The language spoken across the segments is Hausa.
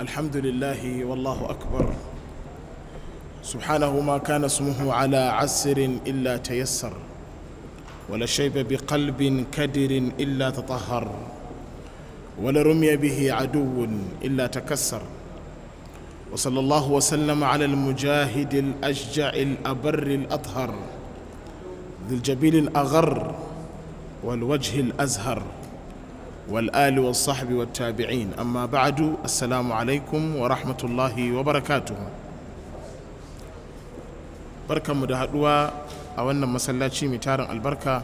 الحمد لله والله أكبر سبحانه ما كان اسمه على عسر إلا تيسر ولا شيب بقلب كدر إلا تطهر ولا رمي به عدو إلا تكسر وصلى الله وسلم على المجاهد الأشجع الأبر الأطهر ذي الجبين الأغر والوجه الأزهر والآل والصحب والتابعين أما بعد السلام عليكم ورحمة الله وبركاته بركة مدهدوا أولنا مسلاتي متارن البركة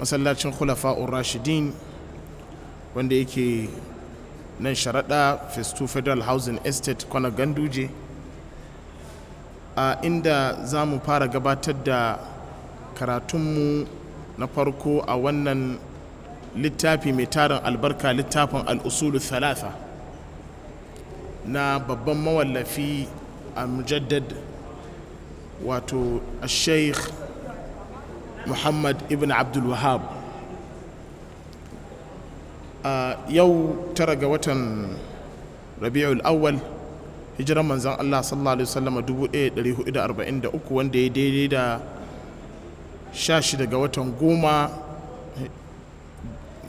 مسلاتي خلفاء الراشدين wanda yake nan sharaɗa festu federal housing estate kwana ganduje a inda za mu fara gabatar da karatunmu na farko a wannan littafi mai tarin albarka littafin al'usulu thalatha na babban mawallafi a mujaddad wato sheikh muhammad ibn abdul wahab a yau tara ga watan rabi'ul awwal hijiran manzan allah sallallahu alaihi wasallama 1443 wanda ya daidai da 16 ga watan goma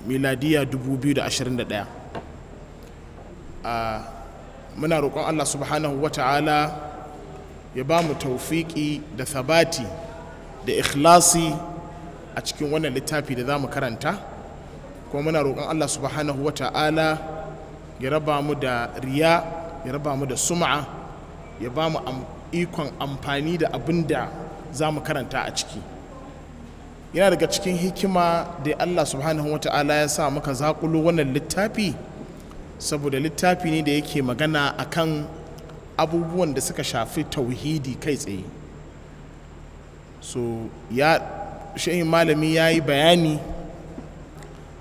miladiya 2021 muna roƙon allah subhanahu wa ta'ala ya ba mu taufiki da sabati da ikhlasi a cikin wannan littafi da za mu karanta kuma muna roƙon allah subhanahu wa ta'ala ya raba mu da riya ya raba mu da sum'a ya ba mu ikon amfani da abin da za mu karanta a ciki yana daga cikin hikima da allah subhanahu wa ta'ala ya sa muka zaƙulo wannan littafi saboda littafi ne da yake magana a kan abubuwan da suka shafi tauhidi kai tsaye so ya shehin malami ya yi bayani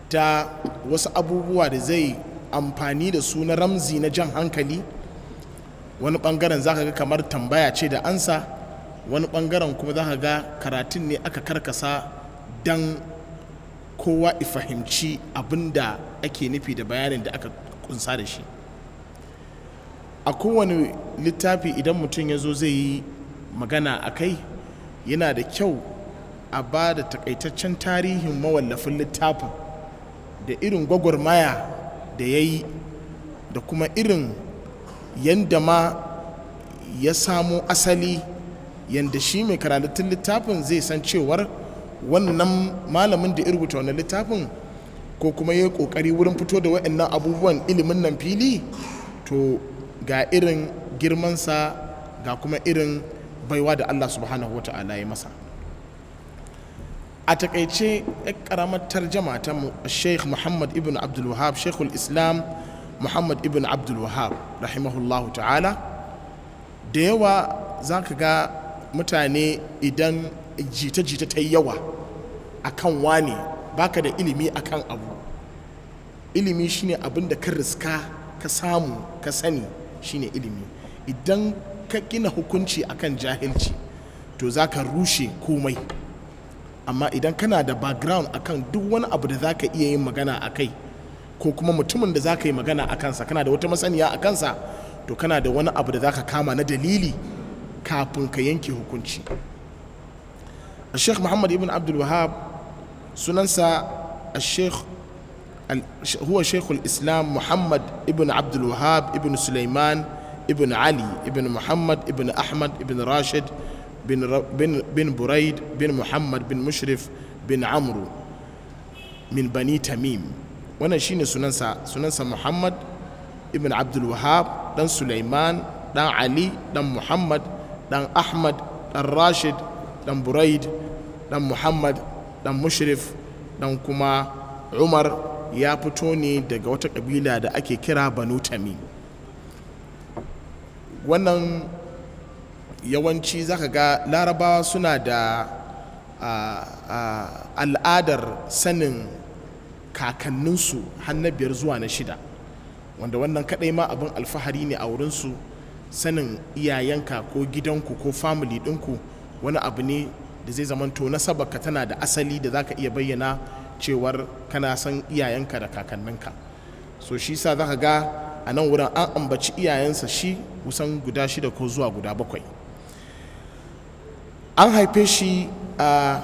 ta wasu abubuwa da zai amfani da su na ramzi na jan hankali wani bangaren za ka ga kamar tambaya ce da ansa wani bangaren kuma za ka ga karatun ne aka karkasa don kowa fahimci abin da ake nufi da bayanin da aka kunsa da shi a kowane littafi idan mutum ya zo zai yi magana a kai yana da kyau a ba da takaitaccen tarihin mawallafin littafin da irin gwagwarmaya da ya yi da kuma irin yadda ma ya samo asali yadda shi mai karatun littafin zai san cewar wannan malamin da ya rubuta wannan littafin ko kuma ya kokari wurin fito da waɗannan abubuwan ilimin nan fili to ga irin girmansa ga kuma irin baiwa da Allah subhanahu wata'ala ya masa a takaice ya karamar tarjama ta sheikh muhammad ibn abdul wahab sheikhul islam muhammad ibn abdul wahab rahimahullahu ta'ala da yawa za ka ga mutane idan jita-jita ta yi yawa akan wane ka da ilimi a kan abu ilimi shine abin da ka riska ka samu ka sani shine ilimi idan ka gina hukunci akan jahilci to za ka rushe komai amma idan kana da background kan duk wani abu da za ka iya yin magana a kai ko kuma mutumin da za ka yi magana a kansa kana da wata masaniya a kansa to kana da wani abu da za ka kama na dalili kafin ka yanke hukunci. الشيخ محمد ابن عبد الوهاب سننسى الشيخ هو شيخ الإسلام محمد ابن عبد الوهاب ابن سليمان ابن علي ابن محمد ابن أحمد ابن راشد بن, بن, بن بريد بن محمد بن مشرف بن عمرو من بني تميم wannan shine sunansa sunansa Muhammad ibn Abdul Wahab dan Sulaiman dan Ali dan Muhammad dan Ahmad dan Rashid dan buraid dan muhammad dan mushrif dan kuma umar ya fito ne daga wata kabila da ake kira banu tami wannan yawanci zaka ga larabawa suna da al'adar sanin kakanninsu biyar zuwa na shida wanda wannan kadai ma abin alfahari ne a wurinsu sanin iyayenka ko gidanku ko famili ɗinku wani abu ne da zai na sabaka tana da asali da zaka iya bayyana cewar kana san iyayenka da kakanninka so shi sa zaka ga a nan wurin an ambaci iyayensa shi kusan guda shida ko zuwa guda bakwai an haife shi a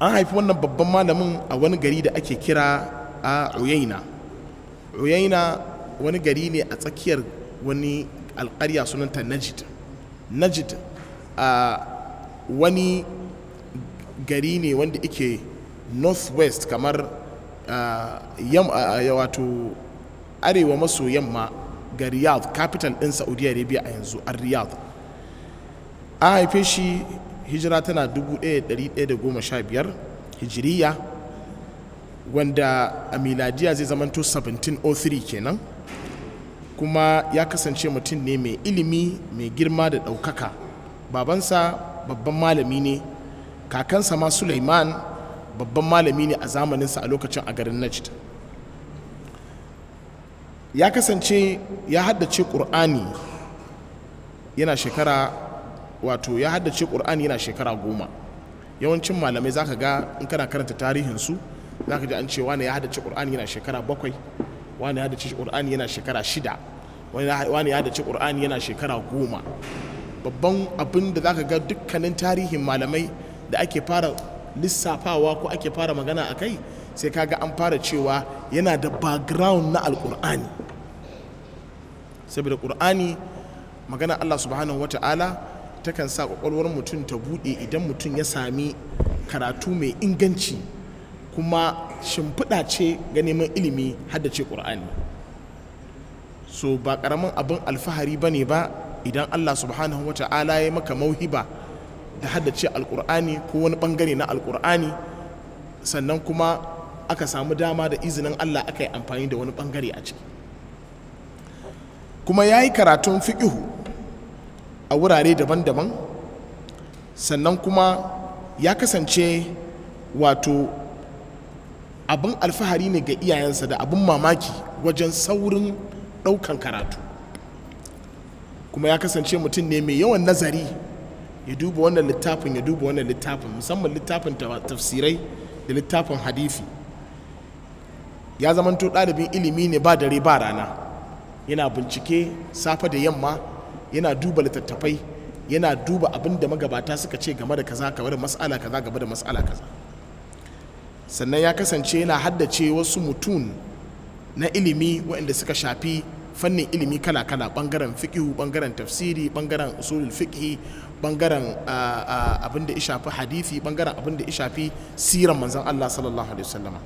an haifi wannan babban malamin a wani gari da ake kira a uyaina uyaina wani gari ne a tsakiyar wani alkarya sunanta najid najid a wani gari ne wanda ike northwest kamar wato arewa maso yamma ga riyadh capital ɗin saudi arabia a yanzu a riyadh a haife shi hijira tana 1115 hijiriya wanda a miladiya zai zamanto 1703 kenan kuma ya kasance mutum ne mai ilimi mai girma da ɗaukaka babansa babban malami ne kakansa ma suleiman babban malami ne a zamaninsa a lokacin a garin najd ya kasance ya haddace ƙur'ani yana shekara wato ya haddace ƙur'ani yana shekara goma yawancin malamai za ka ga in kana karanta tarihinsu za ka ji an ce wani ya haddace ƙur'ani yana shekara bakwai wani ya haddace ƙur'ani yana shekara shida wani ya haddace ƙur'ani yana shekara goma babban abin da za ka ga dukkanin tarihin malamai da ake fara lissafawa ko ake fara magana a kai sai ka ga an fara cewa yana da background na alkur'ani saboda ƙur'ani magana allah subhanahu wata'ala takan sa ƙwaƙwalwar mutum ta buɗe idan mutum ya sami karatu mai inganci kuma shimfiɗa ce ga neman ilimi haddace ƙur'ani so ba ƙaramin abin alfahari ba ne ba idan Allah subhanahu wa ta'ala ya maka mauhiba da haddace alkur'ani ko wani bangare na alkur'ani sannan kuma aka samu dama da izinin Allah aka yi amfani da wani bangare a ciki kuma ya yi karatun fiƙihu a wurare daban-daban sannan kuma ya kasance wato abin alfahari ne ga iyayensa da abin mamaki wajen saurin ɗaukan karatu kuma ya kasance mutum ne mai yawan nazari ya duba wannan littafin ya duba wannan littafin musamman littafin tafsirai da littafin hadifi ya zamanto ɗalibin ilimi ne ba dare ba rana yana bincike safe da yamma yana duba littattafai yana duba abin da magabata suka ce game da kaza game da mas'ala kaza game da mas'ala kaza sannan ya kasance yana haddace wasu mutum na ilimi waɗanda suka shafi fannin ilimi kala-kala bangaren fiqhu bangaren tafsiri bangaren usulul fiqhi bangaren abin da ya shafi hadisi bangaren abin da ya shafi siran manzon Allah sallallahu alaihi wasallama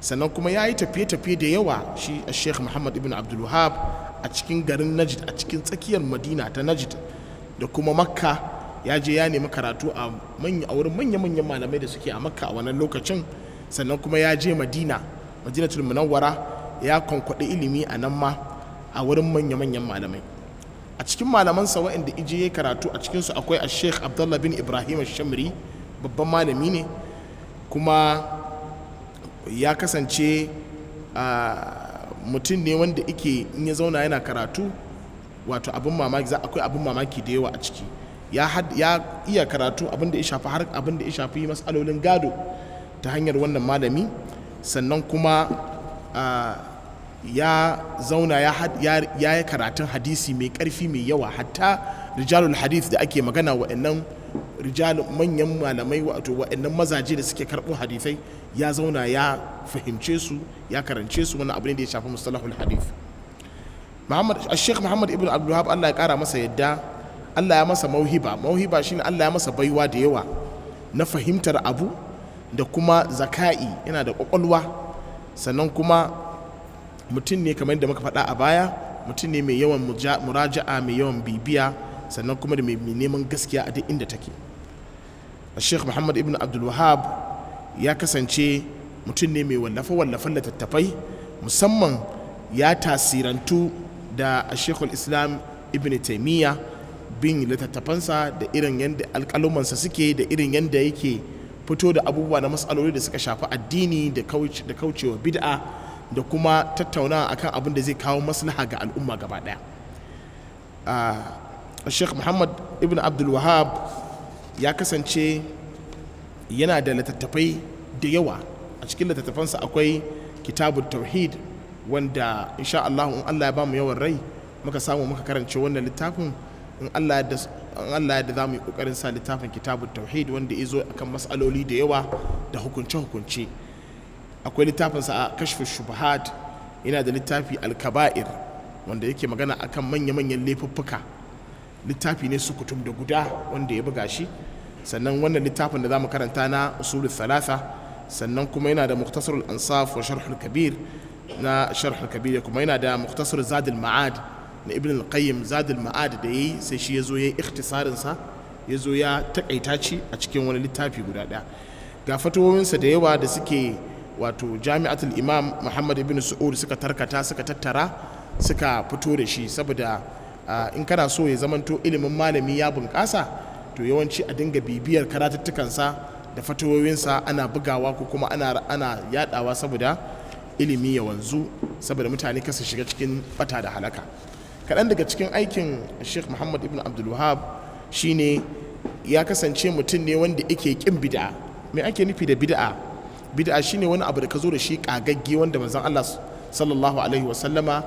sannan kuma ya yi tafiye-tafiye da yawa shi a sheikh muhammad ibn abdulwahab a cikin garin Najd a cikin tsakiyar madina ta Najd da kuma makka ya je ya nemi karatu a wurin manya-manyan malamai da suke a makka a wannan lokacin sannan kuma ya je madina madinatul munawwara ya kwankwaɗi ilimi a nan ma a wurin manya-manyan malamai a cikin malamansa waɗanda ije ya karatu a cikinsu akwai a sheikh abdullah bin ibrahim shamri babban malami ne kuma ya kasance mutum ne wanda ike in ya zauna yana karatu wato abin mamaki za akwai abin mamaki da yawa a ciki ya iya karatu abin da ya shafi har abin da ya shafi masalolin gado ta hanyar wannan malami sannan kuma ya zauna ya ya yi karatun hadisi mai karfi mai yawa hatta rijalul hadith da ake magana wa'annan rijalun manyan malamai wato wa'annan mazaje da suke karɓo hadisai ya zauna ya fahimce su ya karance su wani abu ne da ya shafi mustalahul hadith Muhammad Sheikh Muhammad Ibn Abdulwahab Allah ya kara masa yadda Allah ya masa mauhiba mauhiba shine Allah ya masa baiwa da yawa na fahimtar abu da kuma zaka'i yana da kwakwalwa sannan kuma mutum ne kamar da muka faɗa a baya mutum ne mai yawan muraja'a mai yawan bibiya sannan kuma da mai neman gaskiya a duk inda take a sheikh muhammad ibn abdul wahab ya kasance mutum ne mai wallafa wallafan littattafai musamman ya tasirantu da a sheikhul islam ibn taimiyya bin littattafansa da irin yadda alƙalumansa suke da irin yadda yake fito da abubuwa na matsaloli da suka shafi addini da kaucewa bid'a da kuma tattaunawa akan abin da zai kawo maslaha ga al'umma gaba ɗaya ah, sheikh muhammad ibn abdul wahab ya kasance yana da littattafai da yawa a cikin littattafansa akwai kitabun tauhid wanda insha Allah in Allah ya ba mu yawan rai muka samu muka karance wannan littafin in Allah da za mu yi kokarin sa littafin kitabun tauhid wanda ya zo akan mas'aloli da yawa da hukunce-hukunce akwai littafinsa a kashfin shubahat yana da littafi alkaba'ir wanda yake magana akan manya-manyan laifuffuka littafi ne sukutum da guda wanda ya buga shi sannan wannan littafin da za mu karanta na usulul salasa sannan kuma yana da muktasarul ansaf wa sharhul kabir na sharhul kabir kuma yana da muktasar zadul ma'ad na ibn al-qayyim zadul ma'ad da yayi sai shi yazo yayi ikhtisarin sa yazo ya takaita shi a cikin wani littafi guda daya ga fatuwoyinsa da yawa da suke wato jami'atul imam muhammad ibn su'ud suka tarkata suka tattara suka fito da shi saboda in kana so ya zamanto ilimin malami ya bunƙasa to yawanci a dinga bibiyar karatuttukansa da fatawoyinsa ana bugawa ko kuma ana, ana yadawa saboda ilimi ya wanzu saboda mutane kasa shiga cikin bata da halaka kaɗan daga cikin aikin sheikh muhammad ibn abdulwahab shine ya kasance mutum ne wanda yake kin bida'a me ake nufi da bida'a? bid'a shine wani abu da ka zo da shi kagagge wanda manzon Allah sallallahu alaihi wasallama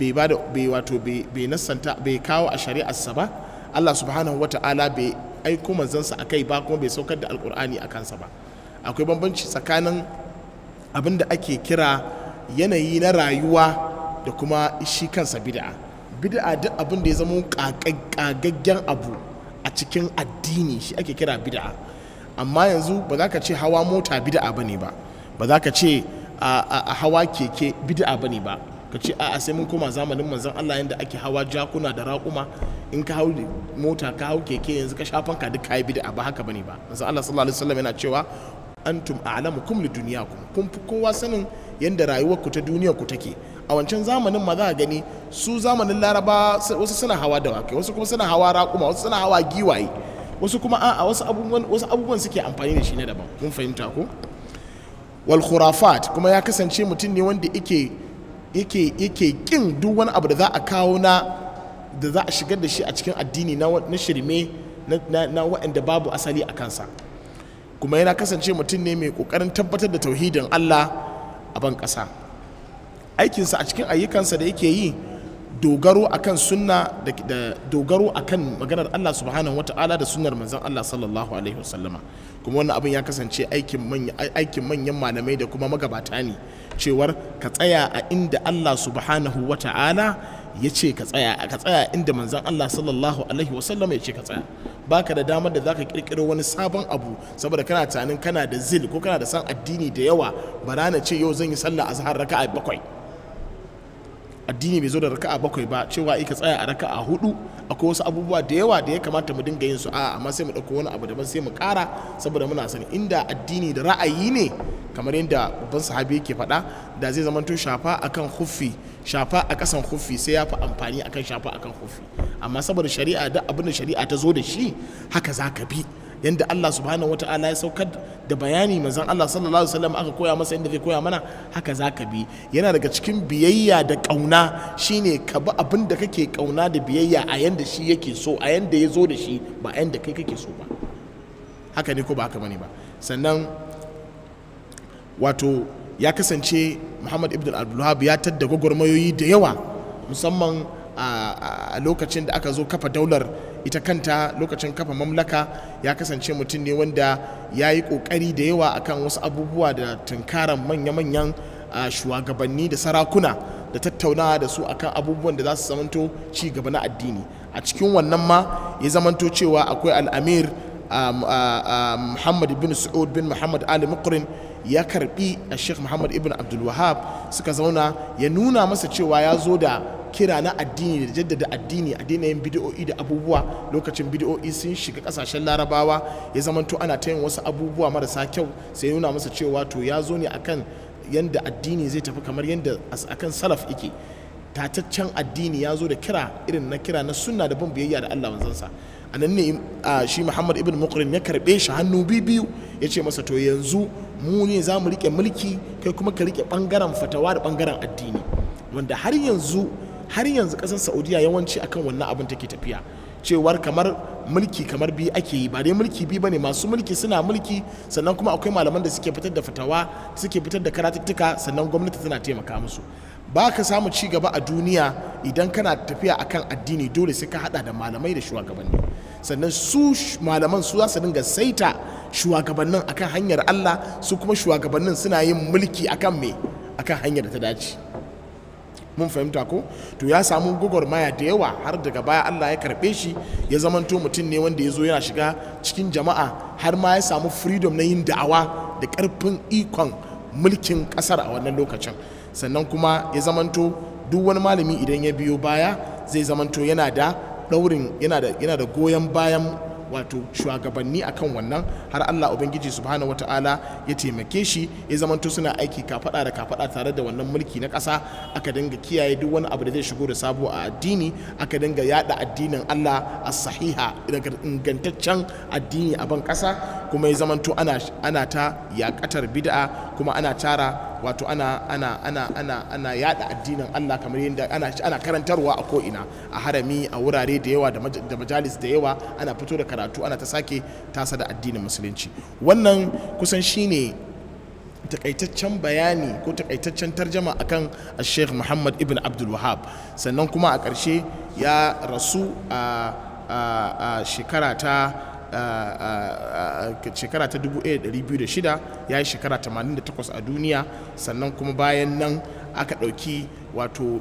bai ba da bai wato bai nasanta bai kawo a shari'arsa ba Allah subhanahu ta'ala bai aiko manzansa akai ba kuma bai saukar da alkur'ani a kansa ba akwai bambanci tsakanin abin da ake kira yanayi na rayuwa da kuma shi kansa bida'a bida'a duk abin da ya zama kagaggen abu a cikin addini shi ake kira bida'a. amma yanzu ba za ka ce hawa mota bid'a bane ba ba za ka ce a hawa keke bid'a bane ba ka ce a'a sai mun koma zamanin manzon Allah yanda ake hawa jakuna da raƙuma in ka hau mota ka hau keke yanzu ka shafan ka duk kai bid'a ba haka bane ba manzon Allah sallallahu alaihi wasallam yana cewa antum a'lamukum lidunyakum kun fi kowa sanin yanda rayuwar ku ta duniya ku take a wancan zamanin ma za a gani su zamanin laraba wasu suna hawa dawakai wasu kuma suna hawa raƙuma wasu suna hawa giwaye wasu kuma a wasu abubuwan suke amfani da shi na daban mun fahimta ko wal khurafat kuma ya kasance mutum ne wanda yake yake kin duk wani abu da za a kawo na da za a shigar da shi a cikin addini na na shirme na na babu asali a kansa kuma yana kasance mutum ne mai kokarin tabbatar da tauhidin Allah a ban ƙasa aikinsa a cikin ayyukansa da yake yi dogaro akan sunna da dogaro akan maganar Allah subhanahu wata'ala da sunnar manzon Allah sallallahu alaihi wasallama kuma wannan abin ya kasance aikin manyan malamai da kuma magabata ne cewar ka tsaya a inda Allah subhanahu wata'ala ya ce ka tsaya ka tsaya inda manzon Allah sallallahu alaihi wasallama ya ce ka tsaya baka da damar da zaka kirkiro wani sabon abu saboda kana tunanin kana da zil ko kana da san addini da yawa bara na ce yau zan yi sallah azhar raka'a bakwai addini bai zo da raka'a bakwai ba cewa ika tsaya a raka'a hudu akwai wasu abubuwa da yawa da ya kamata mu dinga yin su a amma sai mu dauko wani abu daban sai mu kara saboda muna sani inda addini da ra'ayi ne kamar yadda babban sahabi yake faɗa da zai zamanto shafa akan huffi shafa a kasan huffi sai ya fi amfani akan shafa akan huffi amma saboda shari'a da abin da shari'a ta zo da shi haka za ka bi yanda Allah subhanahu ta'ala ya saukar da bayani manzon Allah sallallahu alaihi wasallam aka koya masa yanda zai koya mana haka zaka bi yana daga cikin biyayya da kauna shine ka bi abin da kake kauna da biyayya a yanda shi yake so a yanda ya zo da shi ba a yanda kai kake so ba haka ne ko ba haka bane ba sannan wato ya kasance Muhammad ibn Abdulwahab ya tadda gwagwarmayoyi da yawa musamman a lokacin da aka zo kafa daular ita kanta lokacin kafa mamlaka ya kasance mutum ne wanda ya yi kokari da yawa akan wasu abubuwa da tunkaran manya-manyan shugabanni da sarakuna da tattaunawa da su akan abubuwan da za su zamanto ci gaba na addini a cikin wannan ma ya zamanto cewa akwai al'amir muhammad bin su'ud bin muhammad ali mukrin ya karbi a sheikh muhammad ibn abdulwahab suka zauna ya nuna masa cewa ya zo da kira na addini da jaddada addini a yin bidiyo'i da abubuwa lokacin bidiyo'i sun shiga kasashen larabawa ya zamanto ana ta yin wasu abubuwa marasa kyau sai nuna masa cewa to ya zo ne akan yadda addini zai tafi kamar yadda akan salaf ike tataccen addini ya zo da kira irin na kira na sunna da bin biyayya da Allah manzansa a nan ne shi Muhammad ibn Muqrin ya karbe shi hannu biyu ya ce masa to yanzu mu ne za mu rike mulki kai kuma ka rike bangaren fatawa da bangaren addini wanda har yanzu har yanzu ƙasar saudiya yawanci akan wannan abin take tafiya cewar kamar mulki kamar biyu ake yi ba dai mulki biyu bane masu mulki suna mulki sannan kuma akwai malaman da suke fitar da fitawa suke fitar da karatuttuka sannan gwamnati tana taimaka musu ba ka samu ci gaba a duniya idan kana tafiya akan addini dole sai ka hada da malamai da shugabanni sannan su malaman su za su dinga saita shugabannin akan hanyar Allah su kuma shugabannin suna yin mulki akan me akan hanyar da ta dace mun fahimta ko to ya samu gwagwarmaya da yawa har daga baya Allah ya karbe shi ya zamanto mutum ne wanda ya zo yana shiga cikin jama'a har ma ya samu freedom na yin da'awa da karfin ikon mulkin kasar a wannan lokacin sannan kuma ya zamanto duk wani malami idan ya biyo baya zai zamanto yana da daurin yana da goyon bayan wato shugabanni kan wannan har Allah ubangiji subhanahu wataala ya taimake shi ya zamanto suna aiki kafada da kafada tare da wannan mulki na ƙasa aka dinga kiyaye duk wani abu da zai shigo da sabo a addini aka dinga yada addinin Allah a sahiha daga ingantaccen addini a ban ƙasa kuma ya zamanto ana ana ta yakatar bid'a kuma ana tara wato ana ana ana ana ana yada addinin Allah kamar yadda ana ana karantarwa a ko ina a harami a wurare da yawa da majalis da yawa ana fito da karatu ana ta sake tasa da addinin musulunci wannan kusan shine takaitaccen bayani ko takaitaccen tarjama akan Sheikh Muhammad ibn Abdul Wahab sannan kuma a ƙarshe ya rasu a shekara ta shekara ta 1206 ya yi shekara 88 a duniya sannan kuma bayan nan aka ɗauki wato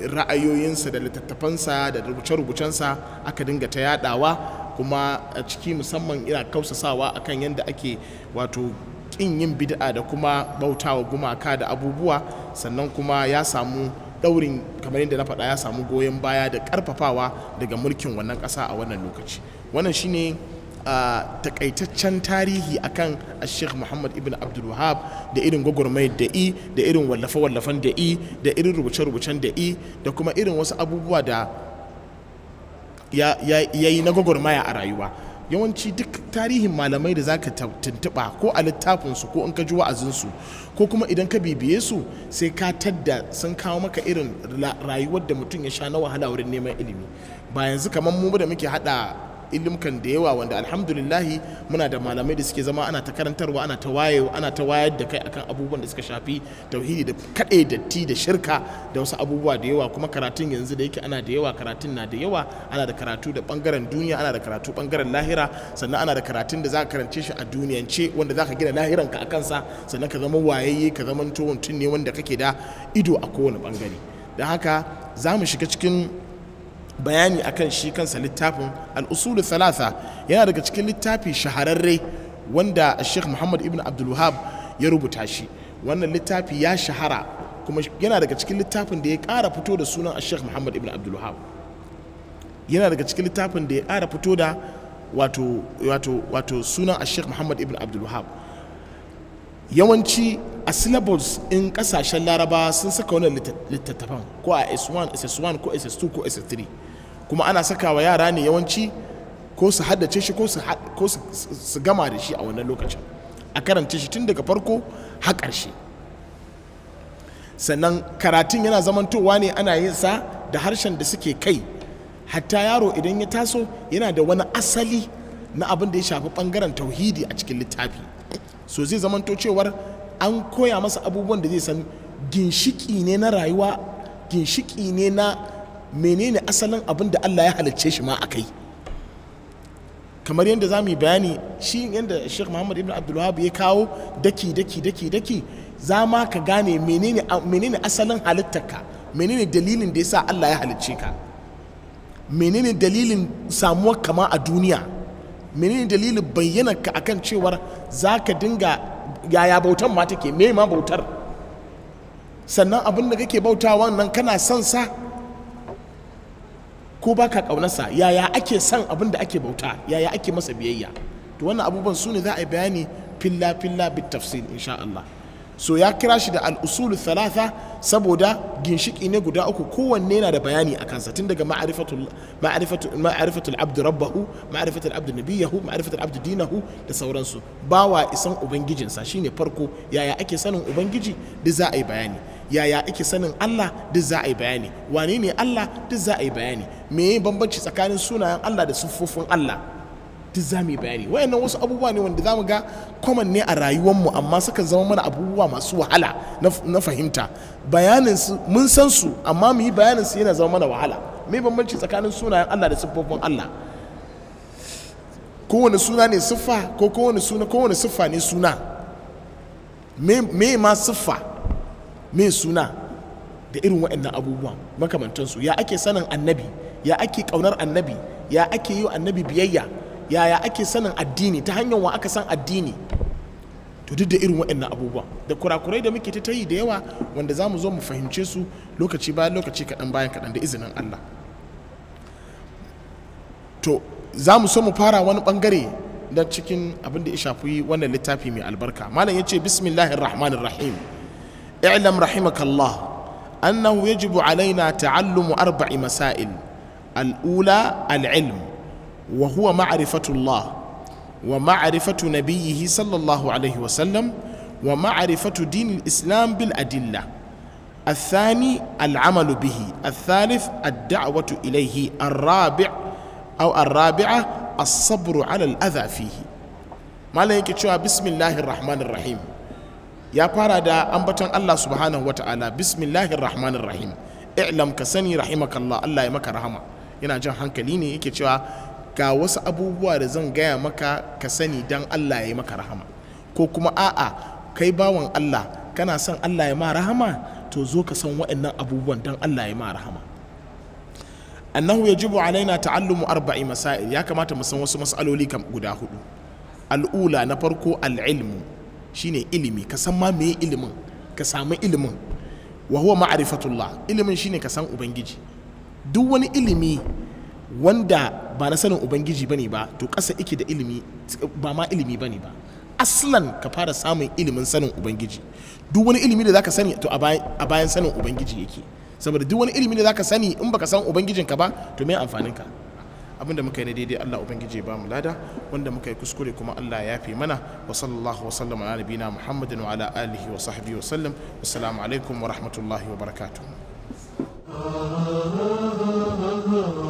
eh, ra'ayoyinsa da littattafansa da rubuce-rubucensa aka dinga ta yadawa kuma a ciki musamman ina kausasawa akan yadda ake wato kin yin bid'a da kuma bautawa gumaka da abubuwa sannan kuma ya samu daurin kamar yadda na faɗa ya samu goyon baya da ƙarfafawa daga mulkin wannan ƙasa a wannan lokaci wannan shine a takaitaccen tarihi akan a Sheikh Muhammad ibn Abdul Wahab da irin gwagwarmayar da i da irin wallafe-wallafen da i da irin rubuce-rubucen da i da kuma irin wasu abubuwa da ya yi na gwagwarmaya a rayuwa yawanci duk tarihin malamai da zaka tuntuɓa ko a littafin su ko in ka ji wa'azinsu ko kuma idan ka bibiye su sai ka tadda sun kawo maka irin rayuwar da mutum ya sha na wahala wurin neman ilimi ba yanzu kamar mu da muke hada ilimkan da yawa wanda alhamdulillahi muna da malamai da suke zama ana ta karantarwa ana ta wayewa ana ta wayar da kai akan abubuwan da suka shafi tauhidi da kaɗe datti da shirka da wasu abubuwa da yawa kuma karatun yanzu da yake ana da yawa karatun na da yawa ana da karatu da bangaren duniya ana da karatu bangaren lahira sannan ana da karatun da za ka karance shi a duniyance wanda za ka gina lahiran ka a kansa sannan ka zama wayayye ka zama tuwon ne wanda kake da ido a kowane bangare don haka za mu shiga cikin bayani kan shi kansa littafin al'usulu thalatha yana daga cikin littafi shahararre wanda sheikh muhammad ibn abdulwahab ya rubuta shi wannan littafi ya shahara kuma yana daga cikin littafin da ya ƙara fito da sunan sheikh muhammad ibn abdulwahab yana daga cikin littafin da ya ƙara fito da wato wato wato sunan sheikh muhammad ibn abdulwahab yawanci a syllables in kasashen laraba sun saka wannan littattafan ko a s1 ss1 ko ss2 ko ss3 kuma ana sakawa yara ne yawanci ko su haddace shi ko su gama da shi a wannan lokacin a karance shi tun daga farko har ƙarshe sannan karatun yana zamantowa ne ana yin sa da harshen da suke kai hatta yaro idan ya taso yana da wani asali na abin da ya shafi ɓangaren tauhidi a cikin littafi so zai zamanto cewar an koya masa abubuwan da zai san ginshiki ne na rayuwa ginshiki ne na menene asalin abin da Allah ya halicce shi ma akai kamar yadda za mu yi bayani shi yadda Sheikh Muhammad Ibn Abdul ya kawo daki daki daki daki za ma ka gane menene menene asalin halittarka menene dalilin da ya sa Allah ya halicce ka menene dalilin samuwar kama a duniya menene dalilin ka akan cewar za ka dinga yaya bautan ma take me ma bautar sannan abin da kake bautawa nan kana son sa ko baka kaunarsa yaya ake son abin da ake bauta yaya ake masa biyayya to wannan abubuwan su ne za a yi bayani filla filla bit tafsil insha Allah so ya kira shi da al'usulu thalatha saboda ginshiki ne guda uku kowanne yana da bayani a kansa tun daga ma'arifatul abdu rabbahu ma'arifatul abdu nabiyahu ma'arifatul abdu dinahu da sauransu bawa isan ubangijinsa shine farko yaya ake sanin ubangiji da za a yi bayani yaya ake sanin Allah duk za a yi bayani wane ne Allah duk za a yi bayani me bambanci tsakanin sunayen Allah da siffofin Allah duk za mu yi bayani wayannan wasu abubuwa ne wanda za mu ga common ne a rayuwarmu amma suka zama mana abubuwa masu wahala na fahimta bayanin su mun san su amma mu yi bayanin su yana zama mana wahala me bambanci tsakanin sunayen Allah da siffofin Allah kowane suna ne siffa ko kowane suna kowane siffa ne suna me ma siffa me suna da irin waɗannan abubuwan makamantansu ya ake sanin annabi ya ake ƙaunar annabi ya ake yi annabi biyayya ya ya ake sanin addini ta hanyar wa aka san addini to duk da irin waɗannan abubuwa da kurakurai da muke ta yi da yawa wanda za mu zo mu fahimce su lokaci bayan lokaci kaɗan bayan kaɗan da izinin Allah to za mu so mu fara wani ɓangare na cikin abin da ya shafi wannan littafi mai albarka malam ya ce bismillahirrahmanirrahim rahim اعلم رحمك الله أنه يجب علينا تعلم أربع مسائل الأولى العلم وهو معرفة الله ومعرفة نبيه صلى الله عليه وسلم ومعرفة دين الإسلام بالأدلة الثاني العمل به الثالث الدعوة إليه الرابع أو الرابعة الصبر على الأذى فيه ما لا بسم الله الرحمن الرحيم ya fara da ambaton Allah subhanahu ta'ala bismillahir rahmanir rahim i'lam ka sani rahimakallah Allah ya maka rahama yana jan hankali ne yake cewa ga wasu abubuwa da zan gaya maka ka sani dan Allah ya maka rahama ko kuma a'a kai bawan Allah kana son Allah ya ma rahama to zo ka san waɗannan abubuwan dan Allah ya ma rahama annahu yajibu alaina ta'allumu arba'i masail ya kamata mu san wasu mas'aloli kam guda hudu al'ula na farko al'ilmu shine ilimi ka san ma me ilimin ka samu ilimin wa huwa ma'rifatullah ilimin shine ka san ubangiji duk wani ilimi wanda ba na sanin ubangiji bane ba to kasa iki da ilimi ba ma ilimi bane ba aslan ka fara samun ilimin sanin ubangiji duk wani ilimi da zaka sani to a bayan sanin ubangiji yake saboda duk wani ilimi da zaka sani in baka san ubangijinka ba to me amfanin ka abinda muka yi na daidai Allah ubangiji ba mu lada wanda muka yi kuskure kuma Allah ya fi mana wa sallallahu wa sallama ala nabiyina Muhammadin wa ala alihi wa sahbihi wa sallam assalamu alaikum wa rahmatullahi wa barakatuh